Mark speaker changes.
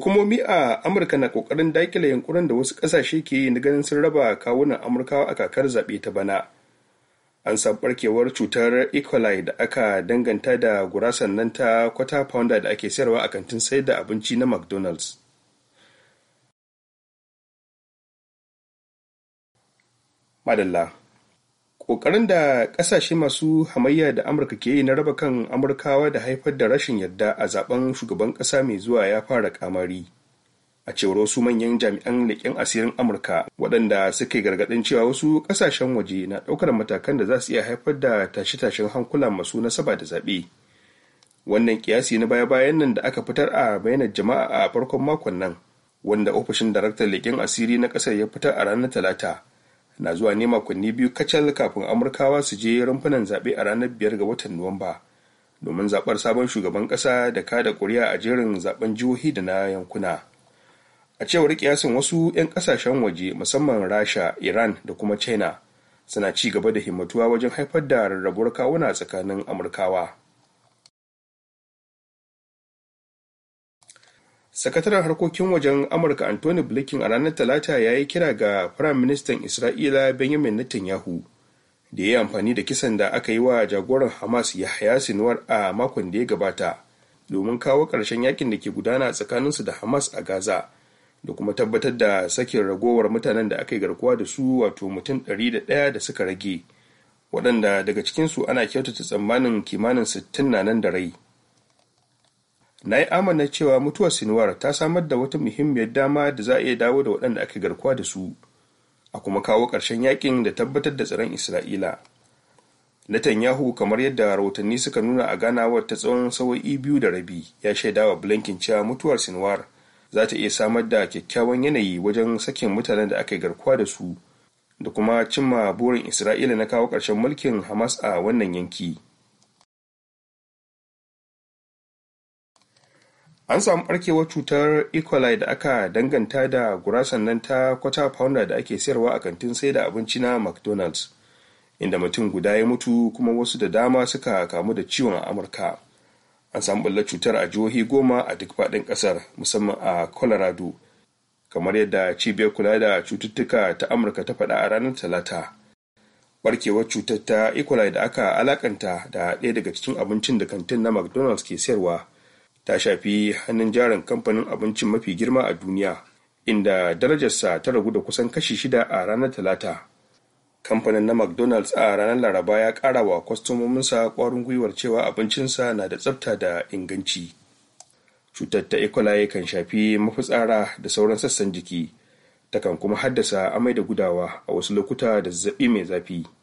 Speaker 1: hukumomi a amurka na kokarin dakile yankunan da wasu kasashe ke yi na ganin sun raba kawunan amurkawa a kakar zaɓe ta bana an san barkewar cutar Ecoli da aka danganta da gurasan nan ta kwata pounder da ake sayarwa a kantin sayar da abinci na mcdonald's madalla Ƙoƙarin da ƙasashe masu hamayya da Amurka ke yi na raba kan Amurkawa da haifar da rashin yadda a zaben shugaban ƙasa mai zuwa ya fara kamari. A cewar wasu manyan jami'an leƙen asirin Amurka waɗanda suke gargaɗin cewa wasu ƙasashen waje na ɗaukar matakan da za su iya haifar da tashe-tashen hankula masu nasaba da zaɓe. Wannan kiyasi na baya-bayan nan da aka fitar a bayanan jama'a a farkon makon nan, wanda ofishin daraktan leƙen asiri na ƙasar ya fitar a ranar Talata, na zuwa ne makonni biyu kacal kafin amurkawa su je rumfunan zaɓe a ranar biyar ga watan nuwamba domin zaɓar sabon shugaban ƙasa da kada ƙuri'a a jerin zaɓen jihohi da na yankuna a cewar kiyasin wasu 'yan ƙasashen waje musamman rasha iran da kuma china suna ci gaba da himmatuwa wajen haifar da rarrabuwar kawuna tsakanin amurkawa sakataren harkokin wajen amurka anthony blinken a ranar talata ya yi kira ga firaministan ministan isra'ila benjamin netanyahu da ya yi amfani da kisan da aka yi wa jagoran hamas yahaya sinuwar a makon da ya gabata domin kawo ƙarshen yakin da ke gudana tsakaninsu da hamas a gaza da kuma tabbatar da sakin ragowar mutanen da aka yi garkuwa da su wato mutum 101 da suka rage waɗanda daga cikinsu ana kyautata tsammanin kimanin 60 na nan da rai na yi amana cewa mutuwar sinuwar ta samar da wata muhimmiyar dama da za a iya dawo da waɗanda aka garkuwa da su a kuma kawo ƙarshen yakin da tabbatar da tsaron isra'ila netanyahu kamar yadda rahotanni suka nuna a ganawar ta tsawon sawa'i biyu da rabi ya shaida wa blinken cewa mutuwar sinuwar za ta iya samar da kyakkyawan yanayi wajen sakin mutanen da aka garkuwa da su da kuma cimma burin isra'ila na kawo ƙarshen mulkin hamas a wannan yanki an samu barkewar cutar e da aka danganta da gurasan nan ta kwata pounder da ake sayarwa a kantin sai da abinci na mcdonald's inda mutum guda ya mutu kuma wasu da dama suka kamu da ciwon a amurka an samu ɓullar cutar a jihohi goma a duk faɗin ƙasar musamman a colorado kamar yadda cibiyar kula da cututtuka ta amurka ta faɗa a ranar talata barkewar cutar ta e. da aka alakanta da ɗaya daga cikin abincin da kantin na mcdonald's ke sayarwa ta shafi hannun jarin kamfanin abincin mafi girma a duniya inda darajarsa ta ragu da kusan kashi shida a ranar talata kamfanin na mcdonald's a ranar laraba ya kara wa kwastomominsa kwarin gwiwar cewa abincinsa na da tsafta da inganci cutar ta ecoli kan shafi mafitsara da sauran sassan jiki takan kuma haddasa amai da gudawa a wasu lokuta da zazzabi mai zafi